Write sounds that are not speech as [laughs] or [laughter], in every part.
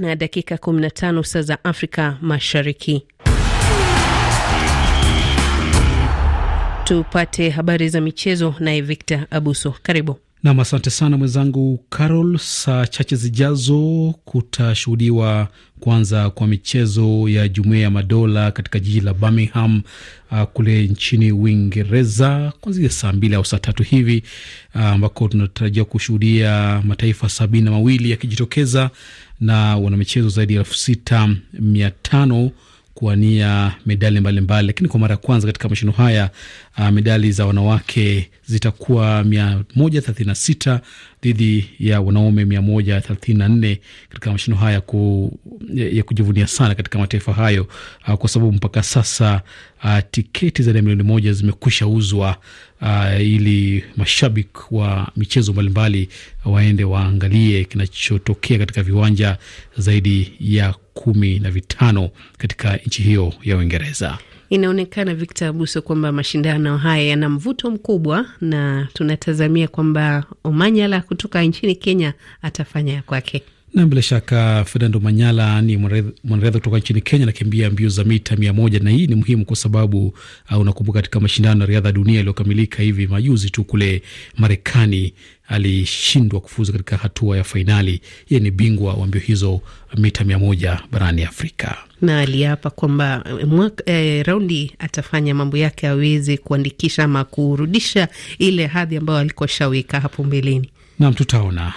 na dakika 15 saa za Afrika Mashariki. Tupate habari za michezo naye Victor Abuso, karibu. Nam, asante sana mwenzangu Carol. Saa chache zijazo kutashuhudiwa kwanza kwa michezo ya Jumuiya ya Madola katika jiji la Birmingham uh, kule nchini Uingereza kuanzia saa mbili au saa tatu hivi uh, ambako uh, tunatarajia kushuhudia mataifa sabini na mawili yakijitokeza na wanamichezo zaidi ya elfu sita mia tano kuwania medali mbalimbali, lakini kwa mara ya kwanza katika mashindano haya ah, medali za wanawake zitakuwa mia moja thelathini na sita dhidi ya wanaume 134 katika mashindano haya ku, ya kujivunia sana katika mataifa hayo, uh, kwa sababu mpaka sasa uh, tiketi zaidi ya milioni moja zimekwisha uzwa uh, ili mashabiki wa michezo mbalimbali waende waangalie kinachotokea katika viwanja zaidi ya kumi na vitano katika nchi hiyo ya Uingereza. Inaonekana Victor Abuso kwamba mashindano haya yana mvuto mkubwa, na tunatazamia kwamba Omanyala kutoka nchini Kenya atafanya kwake. Na bila shaka Fernando Manyala ni mwanariadha kutoka nchini Kenya, anakimbia mbio za mita mia moja na hii ni muhimu kwa sababu uh, unakumbuka katika mashindano ya riadha ya dunia yaliyokamilika hivi majuzi tu kule Marekani alishindwa kufuzu katika hatua ya fainali. Yeye ni bingwa wa mbio hizo mita mia moja barani Afrika na aliapa kwamba e, raundi atafanya mambo yake aweze kuandikisha ama kurudisha ile hadhi ambayo alikoshawika hapo mbeleni. Nam, tutaona.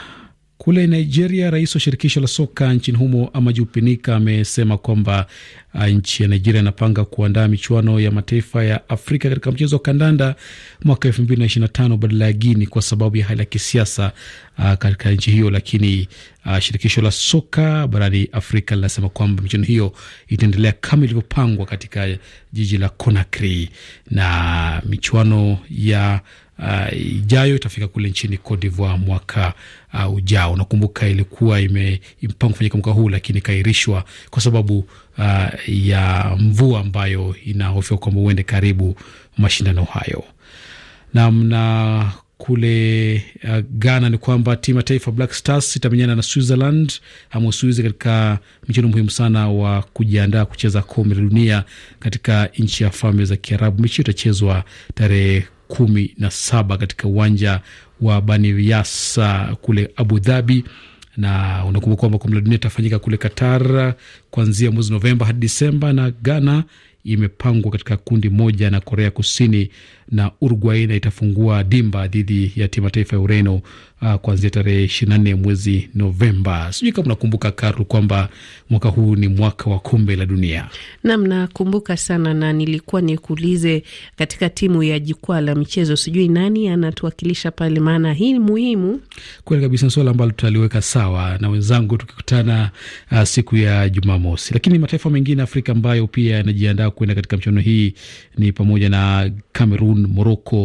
Kule Nigeria, rais wa shirikisho la soka nchini humo Amaju amesema kwamba uh, nchi ya Nigeria inapanga kuandaa michuano ya mataifa ya Afrika katika mchezo wa kandanda mwaka elfu mbili na ishirini na tano badala ya Guini kwa sababu ya hali ya kisiasa uh, katika nchi hiyo. Lakini uh, shirikisho la soka barani Afrika linasema kwamba michuano hiyo itaendelea kama ilivyopangwa katika jiji la Conakry na michuano ya uh, ijayo itafika kule nchini Cote d'Ivoire mwaka uh, ujao. Nakumbuka ilikuwa imepangwa kufanyika mwaka huu, lakini ikairishwa kwa sababu uh, ya mvua ambayo inahofiwa kwamba huende karibu mashindano hayo namna kule uh, Ghana ni kwamba timu ya taifa Black Stars itamenyana na Switzerland ama Uswizi katika mchezo muhimu sana wa kujiandaa kucheza kombe la dunia katika nchi ya Falme za Kiarabu. Mechi itachezwa tarehe kumi na saba katika uwanja wa Baniyasa kule Abu Dhabi na unakumbuka kwamba kombe la dunia itafanyika kule Qatar kuanzia mwezi Novemba hadi Disemba na Ghana imepangwa katika kundi moja na Korea Kusini na Uruguay na itafungua dimba dhidi ya timu taifa ya Ureno uh, kuanzia tarehe ishirini na nne mwezi Novemba. Sijui kama unakumbuka Karu, kwamba mwaka huu ni mwaka wa kombe la dunia. Nam, nakumbuka sana, na nilikuwa nikuulize katika timu ya jukwaa la michezo, sijui nani anatuwakilisha pale, maana hii ni muhimu kweli kabisa, swala ambalo tutaliweka sawa na wenzangu tukikutana uh, siku ya Jumamosi. Lakini mataifa mengine Afrika ambayo pia yanajiandaa kuenda katika michuano hii ni pamoja na Cameroon, Morocco,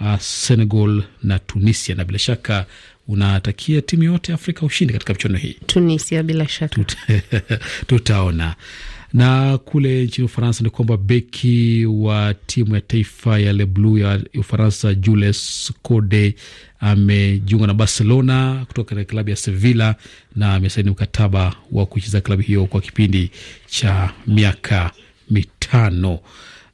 uh, Senegal na Tunisia, na bila shaka unatakia timu yote Afrika ushindi katika michuano hii. Tunisia bila shaka Tut [laughs] tutaona na kule nchini Ufaransa ni kwamba beki wa timu ya taifa ya Le Blu ya Ufaransa, Jules Code amejiunga na Barcelona kutoka klabu ya Sevilla na amesaini mkataba wa kucheza klabu hiyo kwa kipindi cha miaka mitano.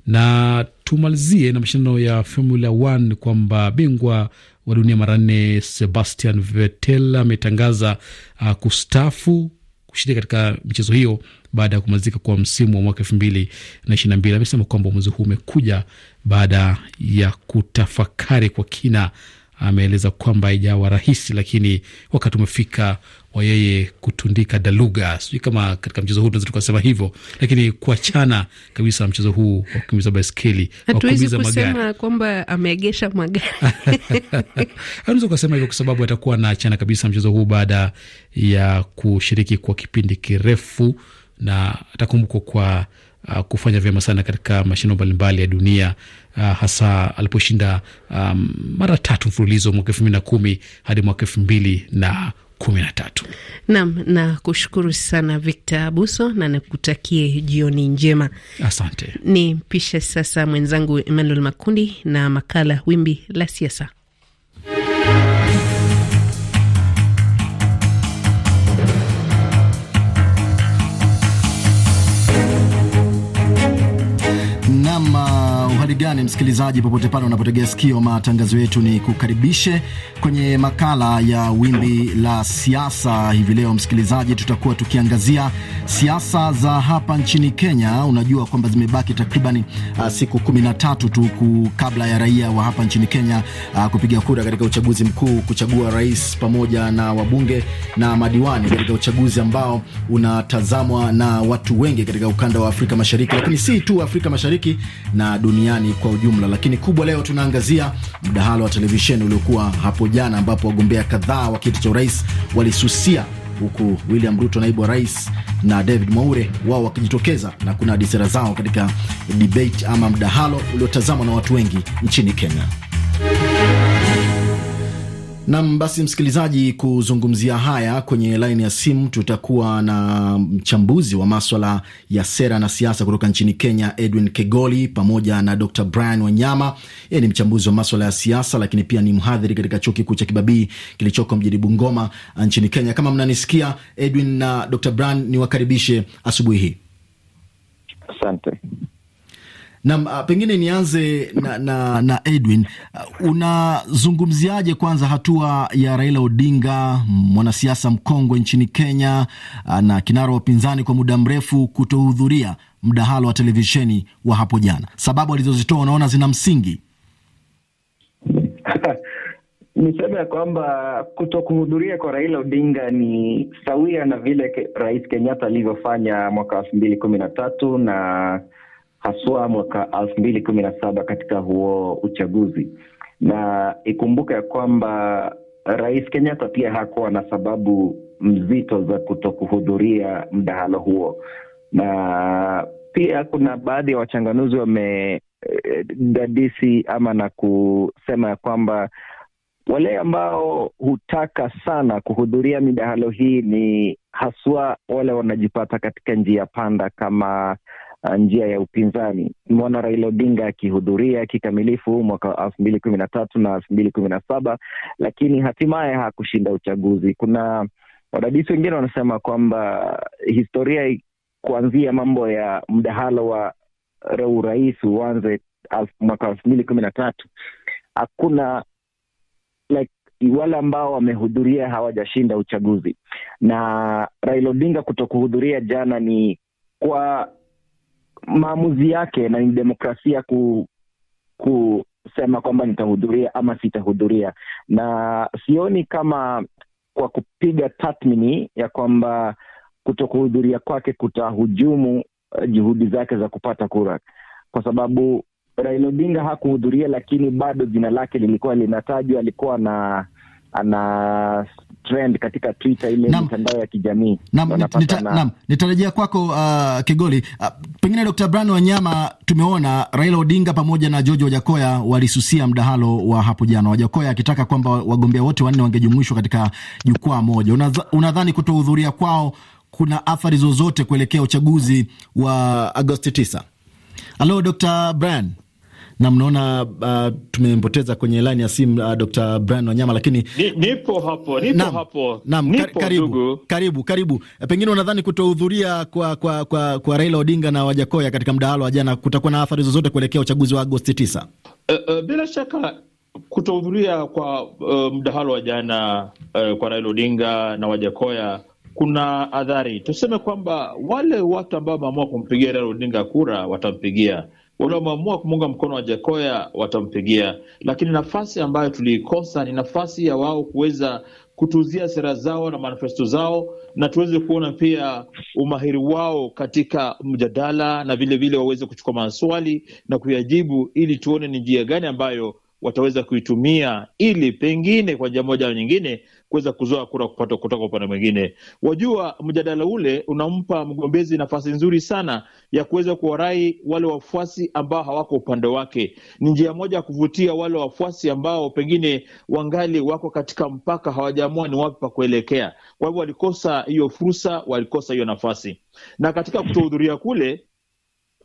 Na tumalizie na mashindano ya Formula 1 kwamba bingwa wa dunia mara nne Sebastian Vettel ametangaza uh, kustafu kushiriki katika michezo hiyo baada ya kumalizika kwa msimu wa mwaka elfu mbili na ishirini na mbili. Amesema kwamba mwezi huu umekuja baada ya kutafakari kwa kina. Ameeleza kwamba ijawa rahisi, lakini wakati umefika wa yeye kutundika daluga, sijui kama katika mchezo huu tunaweza tukasema hivyo, lakini kuachana kabisa na mchezo huu wa kukimbiza baiskeli, hatuwezi kusema kwamba ameegesha magari [laughs] anaweza ukasema hivyo kwa sababu atakuwa anaachana kabisa mchezo huu baada ya kushiriki kwa kipindi kirefu, na atakumbukwa kwa Uh, kufanya vyema sana katika mashindano mbalimbali ya dunia uh, hasa aliposhinda um, mara tatu mfululizo mwaka elfu mbili na kumi hadi mwaka elfu mbili na kumi na tatu. Nam na kushukuru sana Victor Abuso na nakutakie jioni njema. Asante. Ni mpishe sasa mwenzangu Emmanuel Makundi na makala Wimbi la Siasa. hali gani, msikilizaji, popote pale unapotegea sikio matangazo yetu, ni kukaribishe kwenye makala ya wimbi la siasa. Hivi leo, msikilizaji, tutakuwa tukiangazia siasa za hapa nchini Kenya. Unajua kwamba zimebaki takriban uh, siku kumi na tatu tu kabla ya raia wa hapa nchini Kenya uh, kupiga kura katika uchaguzi mkuu, kuchagua rais pamoja na wabunge na madiwani katika uchaguzi ambao unatazamwa na watu wengi katika ukanda wa Afrika Mashariki, lakini si tu Afrika Mashariki na dunia duniani kwa ujumla, lakini kubwa leo tunaangazia mdahalo wa televisheni uliokuwa hapo jana, ambapo wagombea kadhaa wa kiti cha urais walisusia huku William Ruto naibu wa rais na David Mwaure wao wakijitokeza na kunadi sera zao katika debate ama mdahalo uliotazamwa na watu wengi nchini Kenya. Nam basi, msikilizaji, kuzungumzia haya kwenye laini ya simu tutakuwa na mchambuzi wa maswala ya sera na siasa kutoka nchini Kenya, Edwin Kegoli, pamoja na Dr Brian Wanyama. Yeye ni mchambuzi wa maswala ya siasa, lakini pia ni mhadhiri katika chuo kikuu cha Kibabii kilichoko mjini Bungoma uh, nchini Kenya. Kama mnanisikia, Edwin na Dr Brian, niwakaribishe asubuhi hii. Asante. Naam, ah, pengine nianze na, na, na Edwin, ah, unazungumziaje kwanza hatua ya Raila Odinga, mwanasiasa mkongwe nchini Kenya ah, na kinara wa upinzani kwa muda mrefu, kutohudhuria mdahalo wa televisheni wa hapo jana? Sababu alizozitoa unaona zina msingi? [laughs] Niseme ya kwamba kuto kuhudhuria kwa Raila Odinga ni sawia na vile Rais Kenyatta alivyofanya mwaka wa elfu mbili kumi na tatu na haswa mwaka elfu mbili kumi na saba katika huo uchaguzi, na ikumbuka ya kwamba Rais Kenyatta pia hakuwa na sababu mzito za kutokuhudhuria mdahalo huo, na pia kuna baadhi ya wachanganuzi wamedadisi ama na kusema ya kwamba wale ambao hutaka sana kuhudhuria midahalo hii ni haswa wale wanajipata katika njia panda kama Uh, njia ya upinzani. Mwana Raila Odinga akihudhuria kikamilifu mwaka elfu mbili kumi na tatu na elfu mbili kumi na saba lakini hatimaye hakushinda uchaguzi. Kuna wadadisi wengine wanasema kwamba historia kuanzia mambo ya mdahalo wa urais uanze mwaka elfu mbili kumi na tatu hakuna like, wale ambao wamehudhuria hawajashinda uchaguzi, na Raila Odinga kuto kuhudhuria jana ni kwa maamuzi yake na ni demokrasia ku, kusema kwamba nitahudhuria ama sitahudhuria, na sioni kama kwa kupiga tathmini ya kwamba kutokuhudhuria kwake kutahujumu eh, juhudi zake za kupata kura, kwa sababu Raila Odinga hakuhudhuria, lakini bado jina lake lilikuwa linatajwa. Alikuwa na ana trend katika Twitter ile mitandao ya kijamii. Naam, nitarejea kwako uh, Kigoli. Uh, pengine Dr. Brian Wanyama, tumeona Raila Odinga pamoja na George Wajakoya walisusia mdahalo wa hapo jana, Wajakoya akitaka kwamba wagombea wote wanne wangejumuishwa katika jukwaa moja. Unadhani kutohudhuria kwao kuna athari zozote kuelekea uchaguzi wa Agosti 9? Halo Dr. Brian na mnaona uh, tumempoteza kwenye laini ya simu uh, Dr. Brian Wanyama, lakini nipo hapo, nipo naam, hapo. Naam, nipo, karibu, Karibu, karibu. Eh, pengine unadhani kutohudhuria kwa, kwa, kwa, kwa Raila Odinga na Wajakoya katika mdahalo wa jana kutakuwa na athari zozote kuelekea uchaguzi wa Agosti 9? Uh, uh, bila shaka kutohudhuria kwa uh, mdahalo wa jana uh, kwa Raila Odinga na Wajakoya kuna adhari. Tuseme kwamba wale watu ambao wameamua kumpigia Raila Odinga kura watampigia wameamua kumuunga mkono wa Jakoya watampigia, lakini nafasi ambayo tuliikosa ni nafasi ya wao kuweza kutuzia sera zao na manifesto zao, na tuweze kuona pia umahiri wao katika mjadala na vilevile waweze kuchukua maswali na kuyajibu, ili tuone ni njia gani ambayo wataweza kuitumia ili pengine kwa njia moja au nyingine kuweza kuzoa kura kupata kutoka upande mwingine. Wajua, mjadala ule unampa mgombezi nafasi nzuri sana ya kuweza kuwarai wale wafuasi ambao hawako upande wake. Ni njia moja ya kuvutia wale wafuasi ambao pengine wangali wako katika mpaka, hawajaamua ni wapi pa kuelekea. Kwa hivyo walikosa hiyo fursa, walikosa hiyo nafasi, na katika kutohudhuria kule,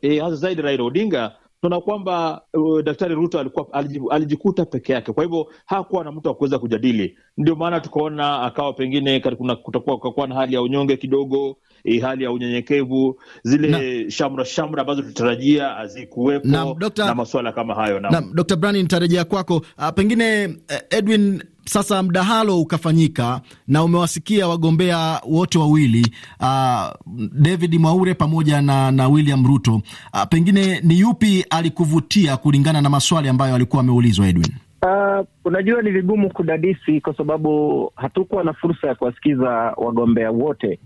e, hasa zaidi Raila Odinga tunaona kwamba uh, Daktari Ruto alikuwa alijikuta peke yake, kwa hivyo hakuwa na mtu wa kuweza kujadili. Ndio maana tukaona akawa pengine kutakuwa na hali ya unyonge kidogo, eh, hali ya unyenyekevu, zile na, shamra shamra ambazo tulitarajia hazikuwepo na, na masuala kama hayo. na, Dr. Brani, nitarejea kwako. Uh, pengine uh, Edwin sasa mdahalo ukafanyika na umewasikia wagombea wote wawili, uh, David Mwaure pamoja na, na William Ruto. Uh, pengine ni yupi alikuvutia kulingana na maswali ambayo alikuwa ameulizwa Edwin? Uh, unajua ni vigumu kudadisi kwa sababu hatukuwa na fursa ya kuwasikiza wagombea wote,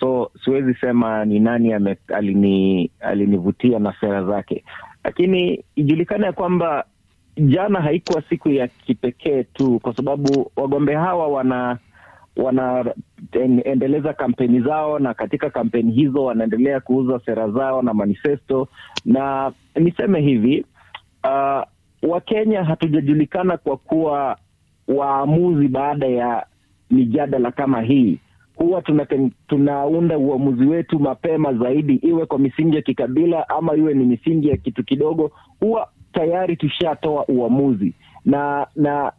so siwezi sema ni nani alinivutia alini, alinivutia na sera zake, lakini ijulikane ya kwamba jana haikuwa siku ya kipekee tu, kwa sababu wagombea hawa wana wanaendeleza kampeni zao, na katika kampeni hizo wanaendelea kuuza sera zao na manifesto, na niseme hivi uh, Wakenya hatujajulikana kwa kuwa waamuzi baada ya mijadala kama hii huwa tunaunda tunaunda uamuzi wetu mapema zaidi, iwe kwa misingi ya kikabila ama iwe ni misingi ya kitu kidogo, huwa tayari tushatoa uamuzi na na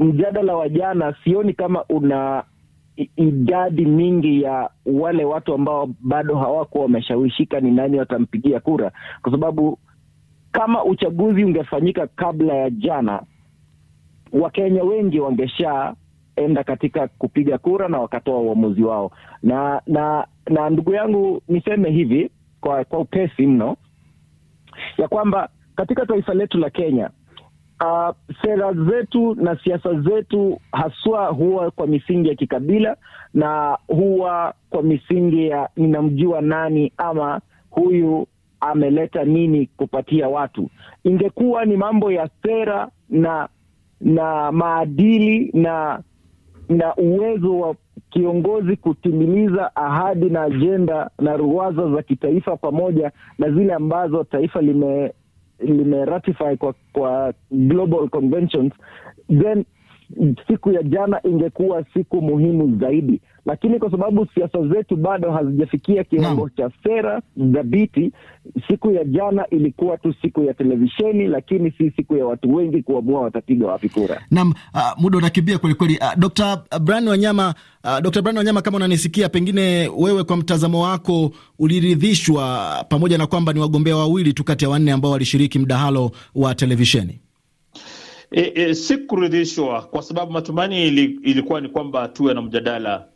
mjadala wa jana sioni kama una idadi mingi ya wale watu ambao bado hawakuwa wameshawishika ni nani watampigia kura, kwa sababu kama uchaguzi ungefanyika kabla ya jana, Wakenya wengi wangeshaenda katika kupiga kura na wakatoa uamuzi wao. Na na na ndugu yangu, niseme hivi kwa, kwa upesi mno ya kwamba katika taifa letu la Kenya uh, sera zetu na siasa zetu haswa huwa kwa misingi ya kikabila na huwa kwa misingi ya ninamjua nani ama huyu ameleta nini kupatia watu. Ingekuwa ni mambo ya sera na na maadili na na uwezo wa kiongozi kutimiliza ahadi na ajenda na ruwaza za kitaifa pamoja na zile ambazo taifa lime limeratify kwa, kwa global conventions then siku ya jana ingekuwa siku muhimu zaidi, lakini kwa sababu siasa zetu bado hazijafikia kiwango cha sera dhabiti, siku ya jana ilikuwa tu siku ya televisheni, lakini si siku ya watu wengi kuamua watapiga wapi kura. Naam, ah, muda unakimbia kwelikweli. Ah, Dr. Brian Wanyama, ah, Dr. Brian Wanyama, kama unanisikia, pengine wewe kwa mtazamo wako uliridhishwa, pamoja na kwamba ni wagombea wawili tu kati ya wanne ambao walishiriki mdahalo wa televisheni? e, e, sikuridhishwa kwa sababu matumaini ili, ilikuwa ni kwamba tuwe na mjadala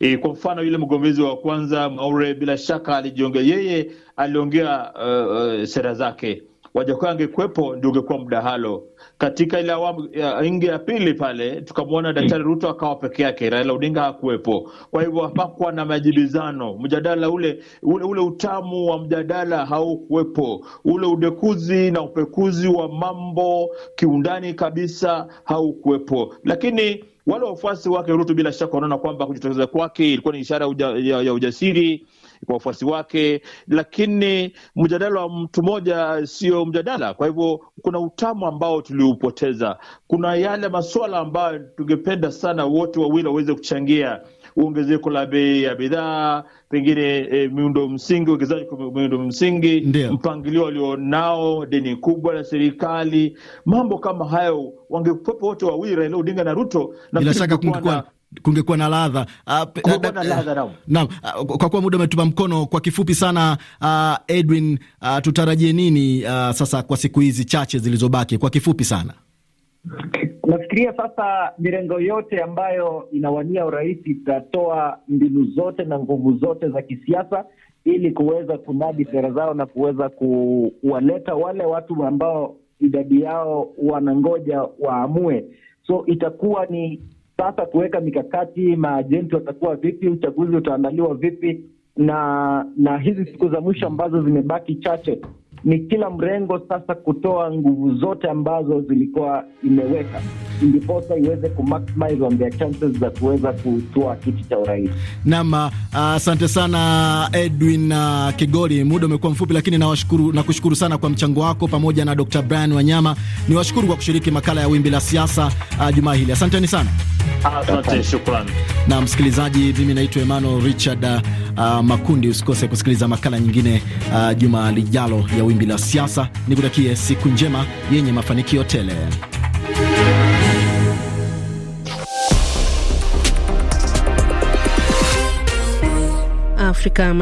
e, kwa mfano yule mgombezi wa kwanza Maure bila shaka alijiongea yeye aliongea uh, uh, sera zake wajakuwa angekuwepo ndio ungekuwa mdahalo. Katika ile awamu ingi ya pili pale tukamwona hmm. Daktari Ruto akawa peke yake, Raila Odinga hakuwepo. Kwa hivyo hapakuwa na majibizano, mjadala ule ule ule utamu wa mjadala haukuwepo, ule udekuzi na upekuzi wa mambo kiundani kabisa haukuwepo, lakini wale wafuasi wake Ruto bila shaka wanaona kwamba kujitokeza kwake ilikuwa ni ishara uja, ya, ya ujasiri kwa wafuasi wake, lakini mjadala wa mtu mmoja sio mjadala. Kwa hivyo kuna utamu ambao tuliupoteza, kuna yale masuala ambayo tungependa sana wote wawili waweze kuchangia uongezeko la bei ya bidhaa, pengine e, miundo msingi, uwekezaji kwa miundo msingi mpangilio walionao, deni kubwa la serikali, mambo kama hayo, wangekwepo wote wawili, Raila Odinga na Ruto, na bila shaka kungekuwa kungekuwa na ah, ladha naam. Ah, kwa kuwa muda umetupa mkono, kwa kifupi sana uh, Edwin uh, tutarajie nini uh, sasa kwa siku hizi chache zilizobaki? Kwa kifupi sana okay. Nafikiria sasa mirengo yote ambayo inawania urais itatoa mbinu zote na nguvu zote za kisiasa ili kuweza kunadi sera zao na kuweza kuwaleta wale watu ambao idadi yao wanangoja waamue. So itakuwa ni sasa kuweka mikakati, maajenti watakuwa vipi, uchaguzi utaandaliwa vipi, na na hizi siku za mwisho ambazo zimebaki chache ni kila mrengo sasa kutoa nguvu zote ambazo zilikuwa imeweka ndiposa iweze kumaximize on their chances za kuweza kutoa kiti cha urais. Naam, ah, asante uh, sana Edwin uh, Kigoli. Muda umekuwa mfupi, lakini nawashukuru na kushukuru sana kwa mchango wako pamoja na Dr. Brian Wanyama. Niwashukuru kwa kushiriki makala ya Wimbi la Siasa uh, jumaa hili. Asanteni sana. Asante, shukrani. Na msikilizaji, mimi naitwa Emmanuel Richard uh, uh, makundi. Usikose kusikiliza makala nyingine uh, juma lijalo ya wimbi la siasa. Nikutakie siku njema yenye mafanikio tele. Afrika